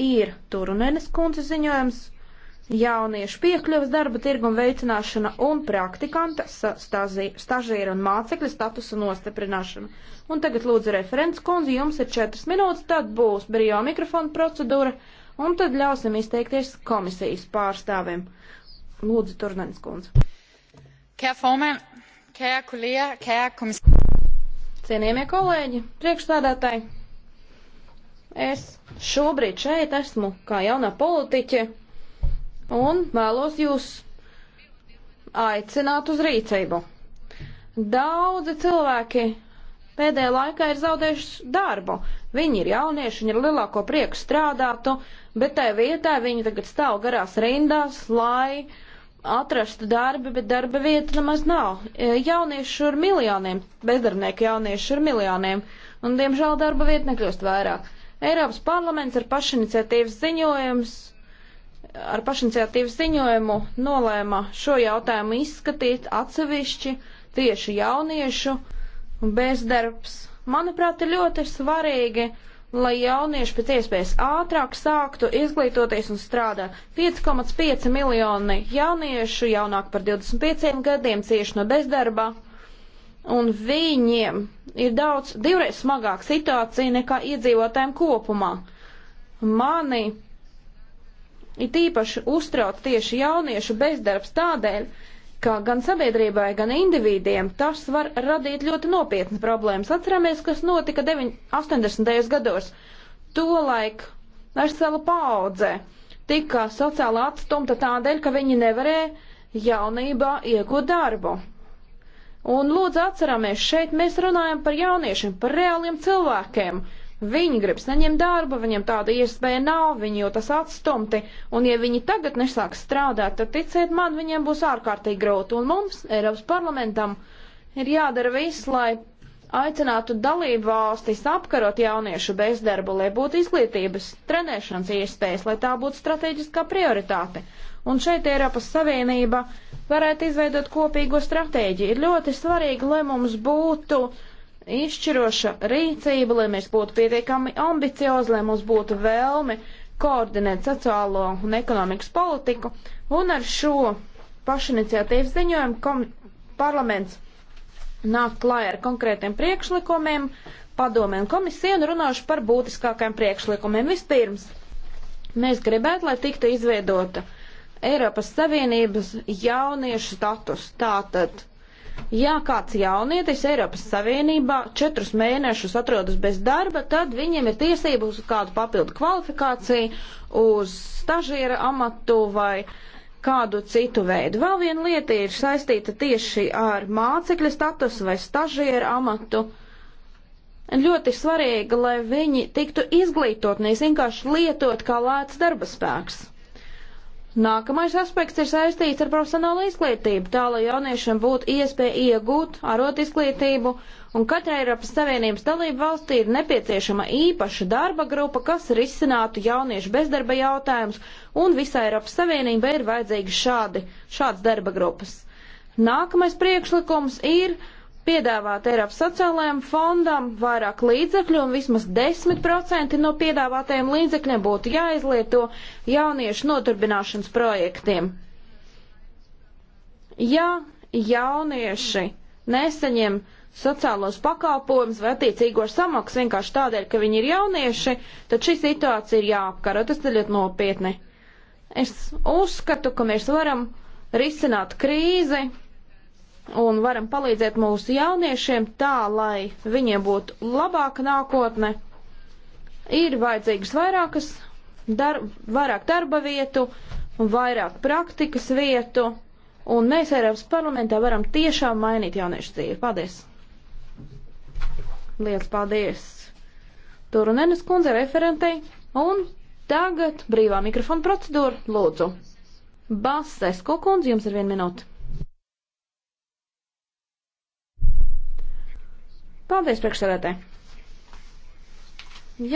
ir Turunenes kundze ziņojums jauniešu piekļuvas darba tirguma veicināšana un praktikanta stažīra un mācekļa statusa nostiprināšana. Un tagad lūdzu referents kundzi, jums ir četras minūtes, tad būs brīvā mikrofona procedūra, un tad ļausim izteikties komisijas pārstāvim. Lūdzu, Turnenes kundze. Kēr formēn, kēr kolēģi, kēr komisija. Cienījamie kolēģi, priekšstādātāji, Es šobrīd šeit esmu kā jaunā politiķe un vēlos jūs aicināt uz rīcību. Daudzi cilvēki pēdējā laikā ir zaudējuši darbu. Viņi ir jaunieši, viņi ir lielāko prieku strādātu, bet tai vietā viņi tagad stāv garās rindās, lai atrastu darbu, bet darba vieta nemaz nav. E, jaunieši ir miljoniem, bezdarbnieku jaunieši ir miljoniem, un diemžēl darba vieta nekļūst vairāk. Eiropas parlaments ar pašiniciatīvas ziņojums ar pašiniciatīvas ziņojumu nolēma šo jautājumu izskatīt atsevišķi tieši jauniešu bezdarbs. Manuprāt, ir ļoti svarīgi, lai jaunieši pēc iespējas ātrāk sāktu izglītoties un strādāt. 5,5 miljoni jauniešu jaunāk par 25 gadiem cieši no bezdarba un viņiem ir daudz divreiz smagāka situācija nekā iedzīvotājiem kopumā. Mani ir tīpaši uztrauc tieši jauniešu bezdarbs tādēļ, ka gan sabiedrībai, gan individiem tas var radīt ļoti nopietnas problēmas. Atceramies, kas notika 80. gados. Tolaik vesela paudze tika sociāli atstumta tādēļ, ka viņi nevarēja jaunībā iegūt darbu. Un lūdzu atceramies, šeit mēs runājam par jauniešiem, par reāliem cilvēkiem. Viņi grib saņemt darbu, viņiem tāda iespēja nav, viņi jau tas atstumti, un ja viņi tagad nesāks strādāt, tad ticiet man, viņiem būs ārkārtīgi grūti, un mums, Eiropas parlamentam, ir jādara viss, lai aicinātu dalību valstis apkarot jauniešu bezdarbu, lai būtu izglītības, trenēšanas iespējas, lai tā būtu strateģiskā prioritāte. Un šeit Eiropas Savienība varētu izveidot kopīgo stratēģiju. Ir ļoti svarīgi, lai mums būtu izšķiroša rīcība, lai mēs būtu pietiekami ambiciozi, lai mums būtu vēlme koordinēt sociālo un ekonomikas politiku. Un ar šo pašiniciatīvas ziņojumu parlaments nākt klāja ar konkrētiem priekšlikumiem, padomēm komisiju un runāšu par būtiskākajiem priekšlikumiem. Vispirms, mēs gribētu, lai tiktu izveidota Eiropas Savienības jauniešu status. Tātad, ja kāds jaunietis Eiropas Savienībā četrus mēnešus atrodas bez darba, tad viņiem ir tiesības uz kādu papildu kvalifikāciju, uz stažiera amatu vai uh, kādu citu veidu. Vēl viena lieta ir saistīta tieši ar mācekļa statusu vai stažieru amatu. Ļoti svarīgi, lai viņi tiktu izglītot, nevis vienkārši lietot kā lēts darba spēks. Nākamais aspekts ir saistīts ar profesionālu izglītību, tā lai jauniešiem būtu iespēja iegūt arot izglītību un katrai Eiropas Savienības dalību valstī ir nepieciešama īpaša darba grupa, kas risinātu jauniešu bezdarba jautājumus, un visai Eiropas Savienībai ir vajadzīgi šādi, šāds darba grupas. Nākamais priekšlikums ir piedāvāt Eiropas sociālajiem fondam vairāk līdzekļu un vismaz 10% no piedāvātajiem līdzekļiem būtu jāizlieto jauniešu noturbināšanas projektiem. Ja jaunieši nesaņem uh, sociālos pakalpojumus vai attiecīgo samaksu vienkārši tādēļ, ka viņi ir jaunieši, tad šī situācija ir jāapkaro. Tas ir ļoti nopietni. Es uzskatu, ka mēs varam risināt krīzi un varam palīdzēt mūsu jauniešiem tā, lai viņiem būtu labāka nākotne. Ir vajadzīgas vairākas, dar, vairāk darba vietu, vairāk praktikas vietu, un mēs Eiropas parlamentā varam tiešām mainīt jauniešu dzīvi. Paldies! Liels paldies Turunenes kundze referentei. Un tagad brīvā mikrofona procedūra. Lūdzu. Basais kokundze, jums ir viena minūte. Paldies, priekšsēdētāji!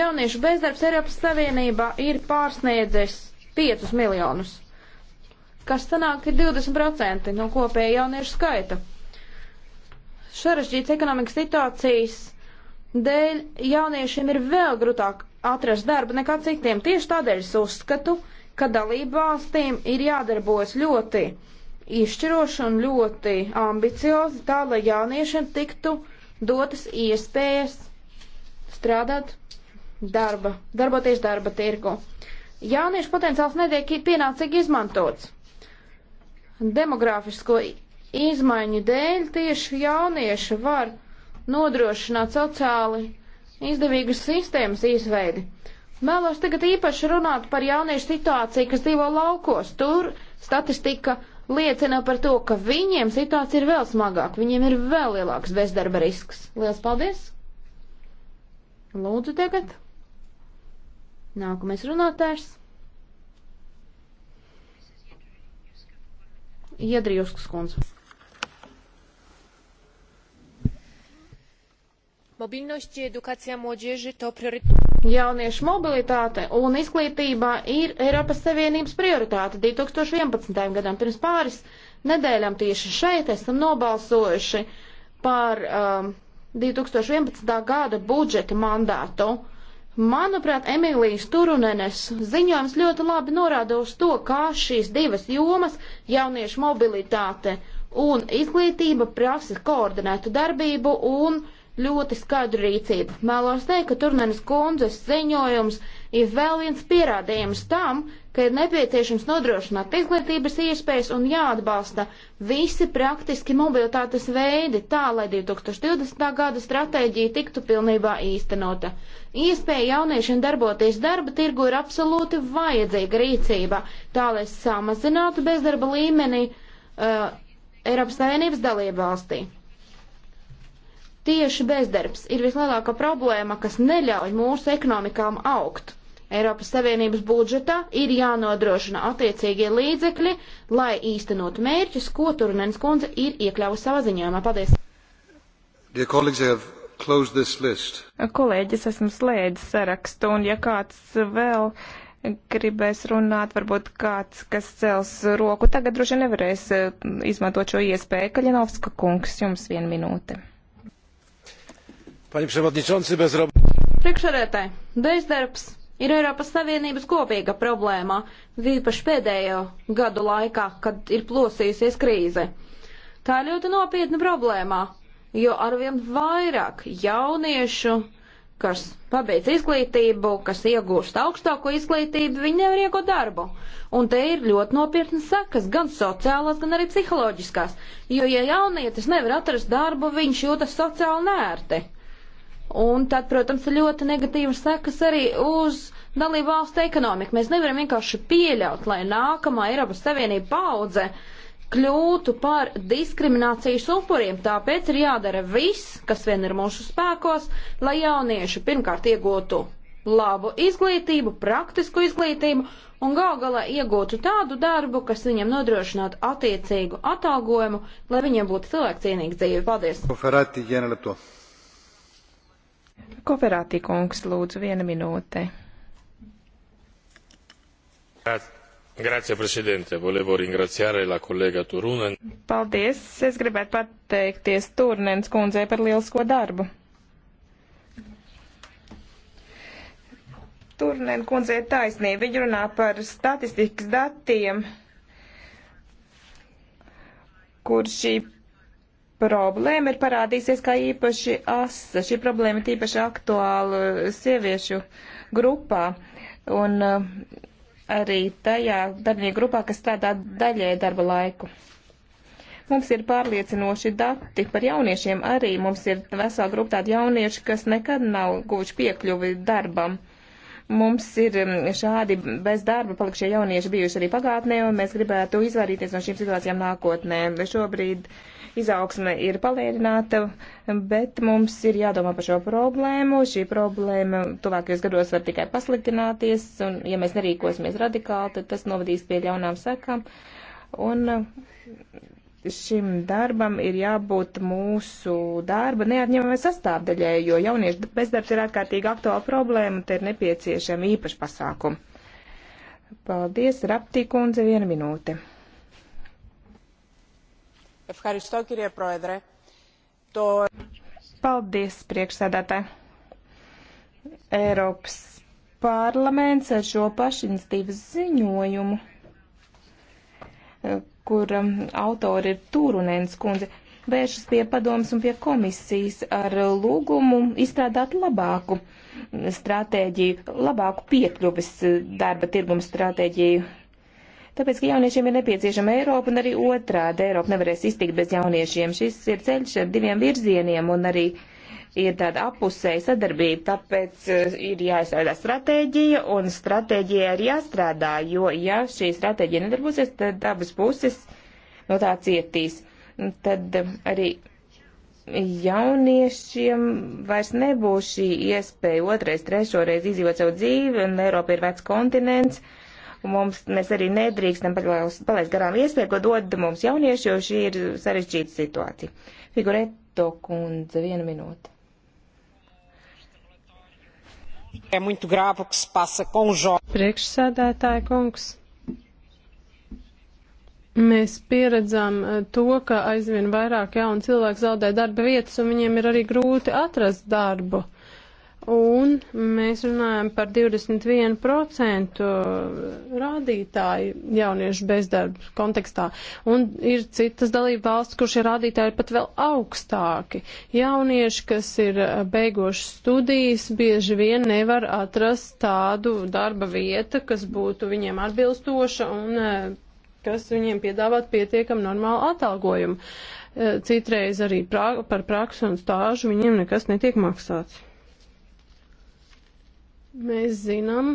Jauniešu bezdarbs Eiropas Savienībā ir pārsniedzis 5 miljonus, kas sanāk ir 20% no kopēja jauniešu skaita. Šarežģīts ekonomikas situācijas dēļ jauniešiem ir vēl grūtāk atrast darbu nekā citiem. Tieši tādēļ es uzskatu, ka dalību valstīm ir jādarbojas ļoti izšķiroši un ļoti ambiciozi, tā lai jauniešiem tiktu dotas iespējas strādāt darba, darboties darba tirgu. Jauniešu potenciāls netiek pienācīgi izmantots. Demogrāfisko izmaiņu dēļ tieši jaunieši var nodrošināt sociāli izdevīgas sistēmas izveidi. Mēlos tagad īpaši runāt par jauniešu situāciju, kas dzīvo laukos. Tur statistika liecina par to, ka viņiem situācija ir vēl smagāka, viņiem ir vēl lielāks bezdarba risks. Lielas paldies! Lūdzu tagad. Nākamais runātājs. Iedrījuskas kundze. Mobilność i edukācija młodzieży to prioritāte. Jauniešu mobilitāte un izglītība ir Eiropas Savienības prioritāte 2011. gadam. Pirms pāris nedēļām tieši šeit esam nobalsojuši par um, 2011. gada budžeta mandātu. Manuprāt, Emīlijas Turunenes ziņojums ļoti labi norāda uz to, kā šīs divas jomas - jauniešu mobilitāte un izglītība prasa koordinētu darbību un uh, ļoti skaidru rīcību. Mēlos teikt, ka Turnenes kundzes ziņojums ir vēl viens pierādījums tam, ka ir nepieciešams nodrošināt izglītības iespējas un jāatbalsta visi praktiski mobilitātes veidi tā, lai 2020. gada stratēģija tiktu pilnībā īstenota. Iespēja jauniešiem darboties darba tirgu ir absolūti vajadzīga rīcība, tā lai samazinātu bezdarba līmeni uh, Eiropas Savienības dalību valstī. Tieši bezdarbs ir vislielākā problēma, kas neļauj mūsu ekonomikām augt. Eiropas Savienības budžetā ir jānodrošina attiecīgie līdzekļi, lai īstenot mērķus, ko Turunens kundze ir iekļāvusi savā ziņojumā. Paldies! Kolēģis, esmu slēdzis sarakstu, un ja kāds vēl gribēs runāt, varbūt kāds, kas cels roku, tagad droši nevarēs eh, izmantot šo iespēju. Kaļinovska kungs, jums viena minūte. Priekšsēdētāji, bezdarbs ir Eiropas Savienības kopīga problēma, īpaši pēdējo gadu laikā, kad ir plosījusies krīze. Tā ir ļoti nopietna problēma, jo arvien vairāk jauniešu, kas pabeidz izglītību, kas iegūst augstāko izglītību, viņi nevar iegūt darbu. Un te ir ļoti nopietnas sekas, gan sociālās, gan arī psiholoģiskās. Jo, ja jaunietis nevar atrast darbu, viņš jūtas sociāli nērti. Un tad, protams, ir ļoti negatīvas sekas arī uz dalību valstu ekonomiku. Mēs nevaram vienkārši pieļaut, lai nākamā Eiropas Savienība paudze kļūtu par diskriminācijas upuriem. Tāpēc ir jādara viss, kas vien ir mūsu spēkos, lai jaunieši pirmkārt iegūtu labu izglītību, praktisku izglītību un gal galā iegūtu tādu darbu, kas viņam nodrošinātu attiecīgu atalgojumu, lai viņiem būtu cilvēkcienīga dzīve. Paldies! Ferati, Koferāti kungs, lūdzu, viena minūte. Grazie, prezidente. Volevo ringraziare la collega Turunen. Paldies. Es gribētu pateikties Turnens kundzei par lielisko darbu. Turnen kundze ir taisnība. Viņa runā par statistikas datiem, kur šī problēma ir parādīsies kā īpaši asa. Šī problēma ir īpaši aktuāla sieviešu grupā. Un eh, arī tajā darbinieku grupā, kas strādā daļai darba laiku. Mums ir pārliecinoši dati par jauniešiem arī. Mums ir vesela grupa tādu jauniešu, kas nekad nav guvuši piekļuvi darbam. Mums ir um, šādi bez darba palikušie jaunieši bijuši arī pagātnē, un mēs gribētu izvairīties no šīm situācijām nākotnē. Šobrīd izaugsme ir palērināta, bet mums ir jādomā par šo problēmu. Šī problēma tuvākajos gados var tikai pasliktināties, un ja mēs nerīkosimies radikāli, tad tas novadīs pie ļaunām sekām. Un šim darbam ir jābūt mūsu darba neatņemamai sastāvdaļai, jo jauniešu bezdarbs ir ārkārtīgi aktuāla problēma, te ir nepieciešami īpaši pasākumi. Paldies, Raptī kundze, viena minūte. Paldies, priekšsēdētāji. Eiropas parlaments ar šo pašinstīvas ziņojumu kur um, autori ir Tūrunēns kundze, vēršas pie padomas un pie komisijas ar lūgumu izstrādāt labāku stratēģiju, labāku piekļuvis uh, darba tirguma stratēģiju. Tāpēc, ka jauniešiem ir nepieciešama Eiropa un arī otrādi Eiropa nevarēs iztikt bez jauniešiem. Šis ir ceļš ar diviem virzieniem un arī uh, ir tāda apusēja sadarbība, tāpēc eh, ir jāizstrādā stratēģija un stratēģija ir jāstrādā, jo ja šī stratēģija nedarbosies, tad abas puses no tā cietīs. Tad eh, arī jauniešiem vairs nebūs šī iespēja otrais, trešoreiz izdzīvot savu dzīvi, un Eiropa ir vecs kontinents. Mums, mēs arī nedrīkstam palaist garām iespēju, ko dod mums jaunieši, jo šī ir sarežģīta situācija. Figureto kundze, viena minūte. Priekšsēdētāja kungs. Mēs pieredzam eh, to, ka aizvien vairāk jaunu cilvēku zaudē darba vietas, un viņiem ir arī grūti atrast darbu. Uh, un mēs runājam par 21% rādītāju jauniešu bezdarbu kontekstā, un ir citas dalība valsts, kur šie rādītāji ir pat vēl augstāki. Jaunieši, kas ir beigoši studijas, bieži vien nevar atrast tādu darba vietu, kas būtu viņiem atbilstoša un e, kas viņiem piedāvāt pietiekam normālu atalgojumu. E, citreiz arī pra par praksu un stāžu viņiem nekas netiek maksāts. Mēs zinām,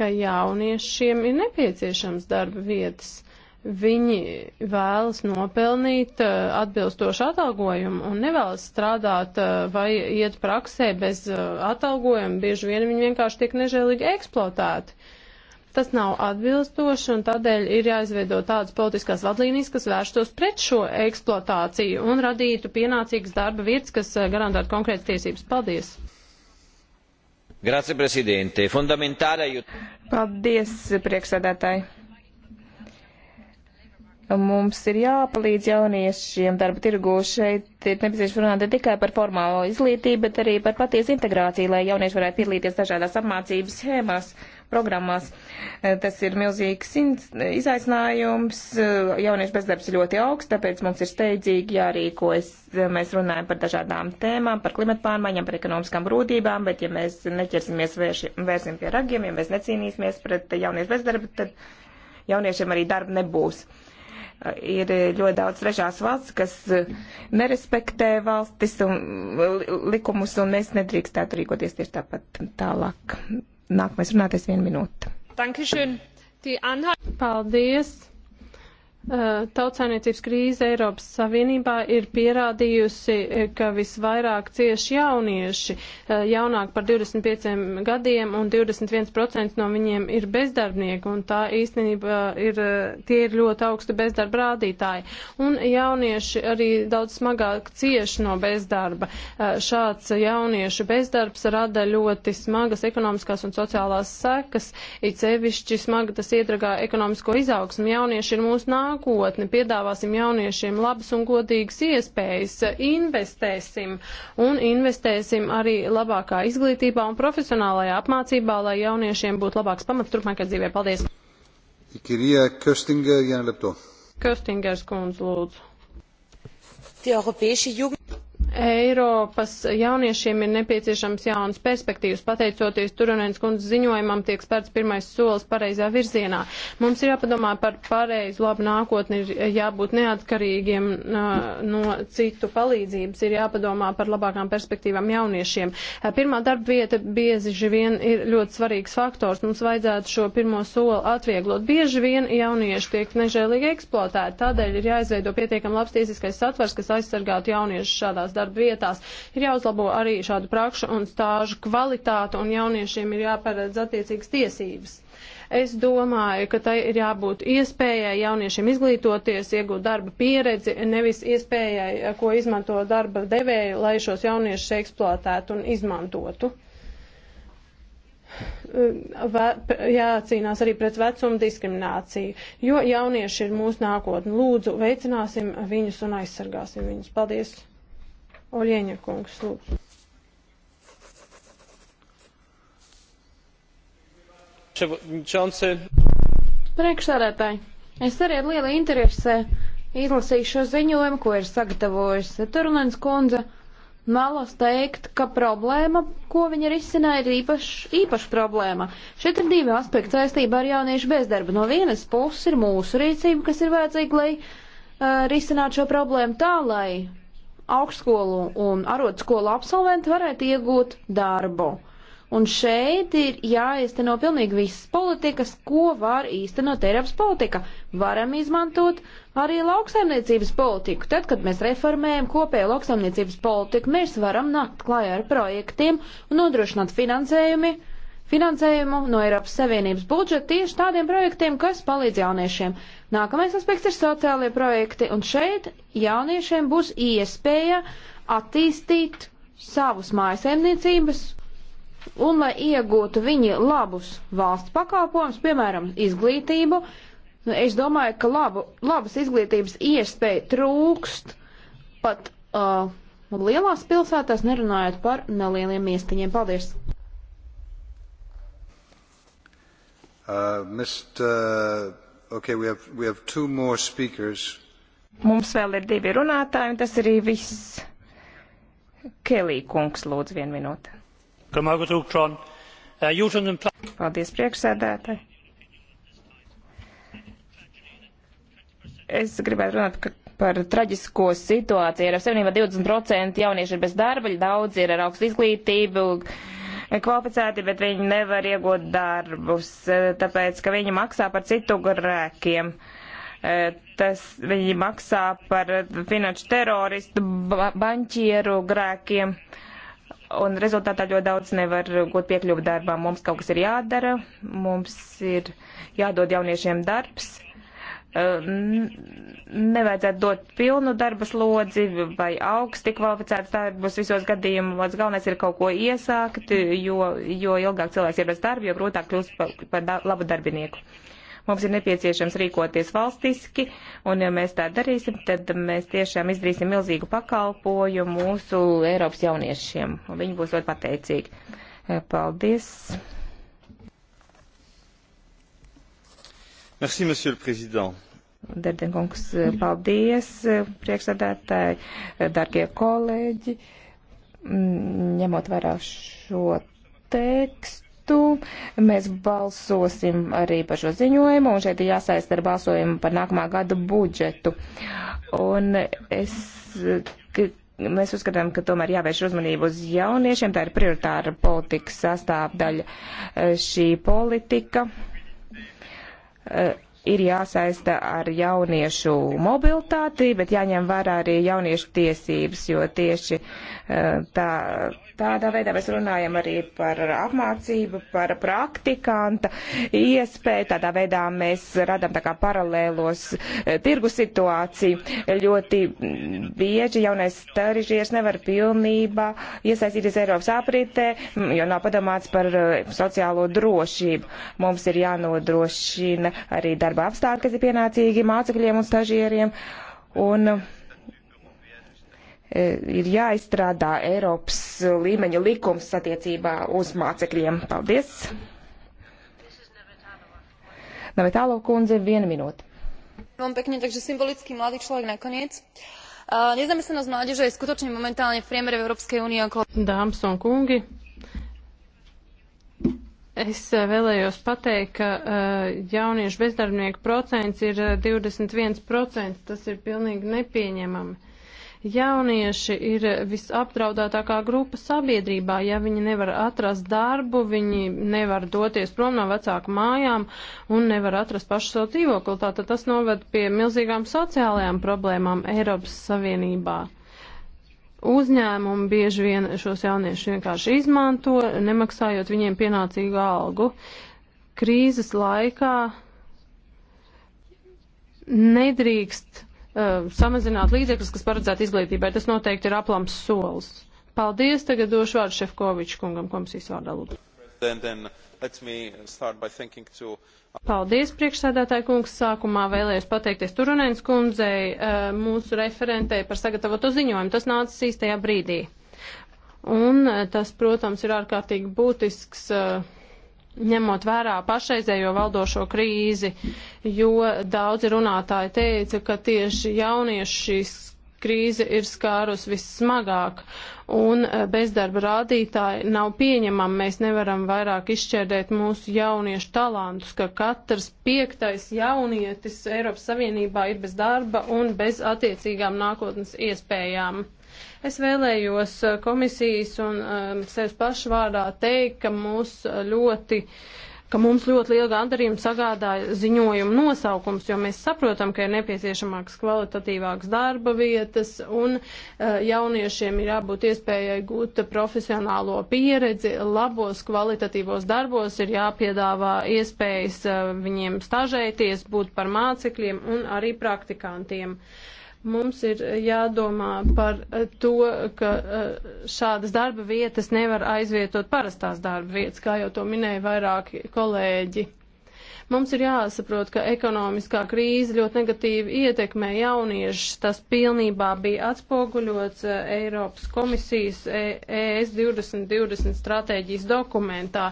ka jauniešiem ir nepieciešams darba vietas. Viņi vēlas nopelnīt uh, atbilstošu atalgojumu un nevēlas strādāt uh, vai iet praksē bez uh, atalgojuma. Bieži vien viņi vienkārši tiek nežēlīgi eksploatēti. Tas nav atbilstoši un tādēļ ir jāizveido tādas politiskās vadlīnijas, kas vērstos pret šo eksploatāciju un radītu pienācīgas darba vietas, kas garantētu konkrētas tiesības. Paldies! Grazie, prezidente. Fundamentāli jūt. Paldies, priekšsēdētāji. Mums ir jāpalīdz jauniešiem darba tirgū. Šeit ir nepieciešams runāt ne tikai par formālo izglītību, bet arī par patiesu integrāciju, lai jaunieši varētu piedalīties dažādās apmācības schēmās programmās. E, tas ir milzīgs izaicinājums. E, jauniešu bezdarbs ir ļoti augsts, tāpēc mums ir steidzīgi jārīkojas. E, mēs runājam par dažādām tēmām, par klimatu pārmaiņām, par ekonomiskām grūtībām, bet ja mēs neķersimies vērši, vērsim pie ragiem, ja mēs necīnīsimies pret jauniešu bezdarbu, tad jauniešiem arī darba nebūs ir ļoti daudz trešās valsts, kas nerespektē valstis un likumus, un mēs nedrīkstētu rīkoties tieši tāpat tālāk. Nākamais runātais viena minūte. Dankeschön. Paldies! Eh, Tautsāniecības krīze Eiropas Savienībā ir pierādījusi, eh, ka visvairāk cieši jaunieši, eh, jaunāk par 25 gadiem, un 21% no viņiem ir bezdarbnieki, un tā īstenībā ir, tie ir ļoti augsti bezdarba rādītāji. Un jaunieši arī daudz smagāk cieši no bezdarba. Šāds jauniešu bezdarbs rada ļoti smagas ekonomiskās un sociālās sekas, it sevišķi smagi tas iedragā ekonomisko izaugsmu. Jaunieši ir mūsu nākotnē nākotni, piedāvāsim jauniešiem labas un godīgas iespējas, investēsim un investēsim arī labākā izglītībā un profesionālajā apmācībā, lai jauniešiem būtu labāks pamats turpmākajai dzīvē. Paldies! Kirija Köstinger, Jāna Lepto. Köstingers kundze, lūdzu. Eiropas jauniešiem ir nepieciešams jaunas perspektīvas. Pateicoties Turonēns kundzes ziņojumam, tiek spērts pirmais solis pareizā virzienā. Mums ir jāpadomā par pareizu labu nākotni, ir jābūt neatkarīgiem no citu palīdzības, ir jāpadomā par labākām perspektīvām jauniešiem. Pirmā darba vieta bieži vien ir ļoti svarīgs faktors. Mums vajadzētu šo pirmo soli atvieglot. Bieži vien jaunieši tiek nežēlīgi eksploatēti, tādēļ ir jāizveido pietiekam labs tiesiskais satvers, kas aizsargātu jauniešus šādās darbībās darba vietās. Ir jāuzlabo arī šādu prakšu un stāžu kvalitāte, un jauniešiem ir jāparedz attiecīgas tiesības. Es domāju, ka tai ir jābūt iespējai jauniešiem izglītoties, iegūt darba pieredzi, nevis iespējai, ko izmanto darba devēji, lai šos jauniešus eksploatētu un izmantotu jācīnās arī pret vecumu diskrimināciju, jo jaunieši ir mūsu nākotne. Lūdzu, veicināsim viņus un aizsargāsim viņus. Paldies! Oļieņa kungs, lūdzu. Priekšsēdētāji, es arī ar lielu interesē izlasīju šo ziņojumu, ko ir sagatavojusi Turunens kundze. Malos teikt, ka problēma, ko viņa risina, ir īpaša īpaš problēma. Šeit ir divi aspekti saistībā ar jauniešu bezdarbu. No vienas puses ir mūsu rīcība, kas ir vajadzīga, lai uh, risinātu šo problēmu tā, lai augstskolu un arotskolu absolventi varētu iegūt darbu. Un šeit ir jāizteno pilnīgi visas politikas, ko var īstenot Eiropas politika. Varam izmantot arī lauksaimniecības politiku. Tad, kad mēs reformējam kopējo lauksaimniecības politiku, mēs varam nākt klājā ar projektiem un nodrošināt finansējumi, finansējumu no Eiropas Savienības budžeta tieši tādiem projektiem, kas palīdz jauniešiem. Nākamais aspekts ir sociālie projekti, un šeit jauniešiem būs iespēja attīstīt savus mājasemniecības, un lai iegūtu viņi labus valsts pakalpojumus, piemēram, izglītību, nu, es domāju, ka labu, labas izglītības iespēja trūkst pat uh, lielās pilsētās, nerunājot par nelieliem iestiņiem. Paldies! Uh, Mr. Okay, we have, we have two more speakers. Mums vēl ir divi runātāji, un tas arī viss. Kelī kungs, lūdzu, vienu minūti. Uh, Paldies, priekšsēdētāji. Es gribētu runāt par par traģisko situāciju. Ir ap 7,20% jaunieši ir bez darba, daudz ir ar augstu izglītību, kvalificēti, bet viņi nevar iegūt darbus, e, tāpēc, ka viņi maksā par citu grēkiem. E, tas viņi maksā par finanšu teroristu, ba banķieru grēkiem, un rezultātā ļoti daudz nevar gūt piekļuvu darbām. Mums kaut kas ir jādara, mums ir jādod jauniešiem darbs Eh, nevajadzētu dot pilnu darba slodzi vai augsti kvalificētas darbus visos gadījumos. Galvenais ir kaut ko iesākt, jo, jo ilgāk cilvēks ir bez darba, jo grūtāk kļūst par, par da, labu darbinieku. Mums ir nepieciešams rīkoties valstiski, un ja mēs tā darīsim, tad mēs tiešām izdarīsim milzīgu pakalpojumu mūsu Eiropas jauniešiem, un viņi būs ļoti pateicīgi. Eh, paldies! Merci, monsieur le président. Derdenkungs, paldies, priekšsēdētāji, darbie kolēģi. Ņemot vērā šo tekstu, mēs balsosim arī par šo ziņojumu, un šeit ir jāsaist ar balsojumu par nākamā gada budžetu. Un es, mēs uzskatām, ka tomēr jāvērš uzmanību uz jauniešiem, tā ir prioritāra politikas sastāvdaļa e, šī politika. Eh, ir jāsaista ar jauniešu mobilitāti, bet jāņem vērā arī jauniešu tiesības, jo tieši eh, tā, Tādā veidā mēs runājam arī par apmācību, par praktikanta iespēju. Tādā veidā mēs radām tā kā paralēlos eh, tirgu situāciju. Ļoti bieži jaunais stārižies nevar pilnībā iesaistīties Eiropas apritē, jo nav padomāts par eh, sociālo drošību. Mums ir jānodrošina arī darba apstākļi, kas ir pienācīgi mācekļiem un stažieriem. Un, uh, E, ir jāizstrādā Eiropas līmeņa likums attiecībā uz mācekļiem. Paldies! Navitālo kundze, viena minūte. Veľmi pekne, takže symbolický mladý človek nakoniec. Uh, nezamestnanosť mládeže je skutočne momentálne v priemere v Európskej únii okolo... Dāmas un kungi, Es vēlējos pateikt, ka e, jauniešu bezdarbnieku procents ir 21%. E, Tas ir pilnīgi nepieņemami. Jaunieši ir visapdraudētākā grupa sabiedrībā. Ja viņi nevar atrast darbu, viņi nevar doties prom no vecāku mājām un nevar atrast pašu savu dzīvokli, tātad tas noved pie milzīgām sociālajām problēmām Eiropas Savienībā uzņēmumi bieži vien šos jauniešus vienkārši izmanto, nemaksājot viņiem pienācīgu algu. Krīzes laikā nedrīkst uh, samazināt līdzekļus, kas paredzēti izglītībai. Tas noteikti ir aplams solis. Paldies, tagad došu vārdu Šefkoviču kungam komisijas vārdā lūdzu. To... Paldies, priekšsēdētāji kungs. Sākumā vēlējos pateikties Turunēns kundzei, uh, mūsu referentei par sagatavoto ziņojumu. Tas nācis īstajā brīdī. Un uh, tas, protams, ir ārkārtīgi būtisks. Uh, ņemot vērā pašreizējo valdošo krīzi, jo daudzi runātāji teica, ka tieši jaunieši šīs krīze ir skārus vissmagāk, un e, bezdarba rādītāji nav pieņemami. Mēs nevaram vairāk izšķērdēt mūsu jauniešu talantus, ka katrs piektais jaunietis Eiropas Savienībā ir bez darba un bez attiecīgām nākotnes iespējām. Es vēlējos eh, komisijas un um, sevis pašu vārdā teikt, ka mūs eh, ļoti ka mums ļoti lielu gandarījumu sagādāja ziņojuma nosaukums, jo mēs saprotam, ka ir nepieciešamāks kvalitatīvāks darba vietas un uh, jauniešiem ir jābūt iespējai gūt profesionālo pieredzi, labos kvalitatīvos darbos ir jāpiedāvā iespējas uh, viņiem stažēties, būt par mācekļiem un arī praktikantiem. Uh, Mums ir jādomā par eh, to, ka eh, šādas darba vietas nevar aizvietot parastās darba vietas, kā jau to minēja vairāki kolēģi. Mums ir jāsaprot, ka ekonomiskā krīze ļoti negatīvi ietekmē jauniešus. Tas pilnībā bija atspoguļots eh, Eiropas komisijas e, e ES 2020 stratēģijas dokumentā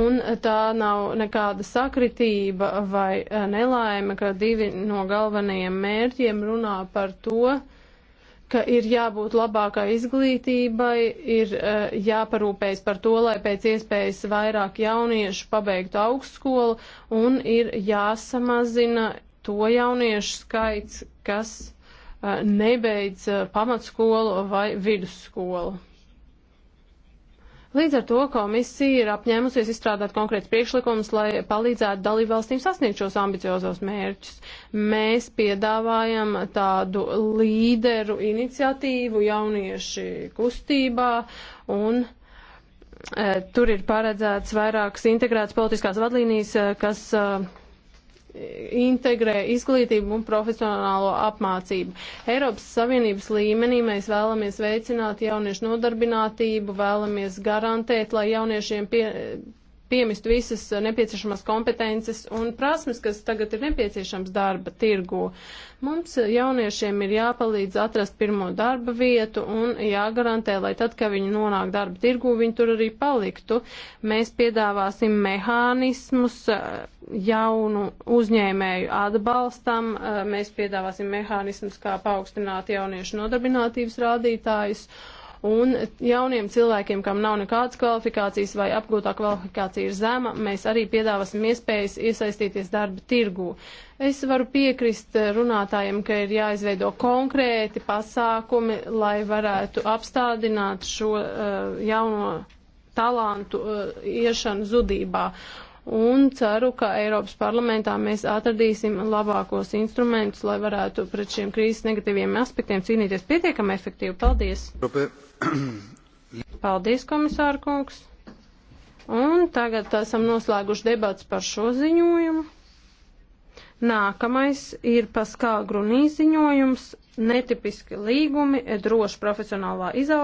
un eh, tā nav nekāda sakritība vai eh, nelaime, ka divi no galvenajiem mērķiem runā par to, ka ir jābūt labākai izglītībai, ir uh, jāparūpējas par to, lai pēc iespējas vairāk jauniešu pabeigtu augstskolu un ir jāsamazina to jauniešu skaits, kas uh, nebeidz uh, eh, pamatskolu vai vidusskolu. Līdz ar to komisija ir apņēmusies izstrādāt konkrēts priekšlikums, lai palīdzētu dalībvalstīm sasniegt šos ambiciozos mērķus. Mēs piedāvājam tādu līderu iniciatīvu jaunieši kustībā un e, tur ir paredzēts vairākas integrētas politiskās vadlīnijas, e, kas. E, integrē izglītību un profesionālo apmācību. Eiropas Savienības līmenī mēs vēlamies veicināt jauniešu nodarbinātību, vēlamies garantēt, lai jauniešiem pie, piemist visas nepieciešamās kompetences un prasmes, kas tagad ir nepieciešams darba tirgu. Mums jauniešiem ir jāpalīdz atrast pirmo darba vietu un jāgarantē, lai tad, kad viņi nonāk darba tirgu, viņi tur arī paliktu. Mēs piedāvāsim mehānismus eh, jaunu uzņēmēju atbalstam, eh, mēs piedāvāsim mehānismus, kā paaugstināt jauniešu nodarbinātības rādītājus. Un jauniem cilvēkiem, kam nav nekādas kvalifikācijas vai apgūtā kvalifikācija ir zema, mēs arī piedāvāsim iespējas iesaistīties darba tirgū. Es varu piekrist runātājiem, ka ir jāizveido konkrēti pasākumi, lai varētu apstādināt šo uh, jauno talantu uh, iešanu zudībā. Un ceru, ka Eiropas parlamentā mēs atradīsim labākos instrumentus, lai varētu pret šiem krīzes negatīviem aspektiem cīnīties pietiekami efektīvi. Paldies! Rupē. Paldies, komisāra kungs. Un tagad esam noslēguši debats par šo ziņojumu. Nākamais ir Paskā Grunī ziņojums - netipiski līgumi, droši profesionālā izaugsme.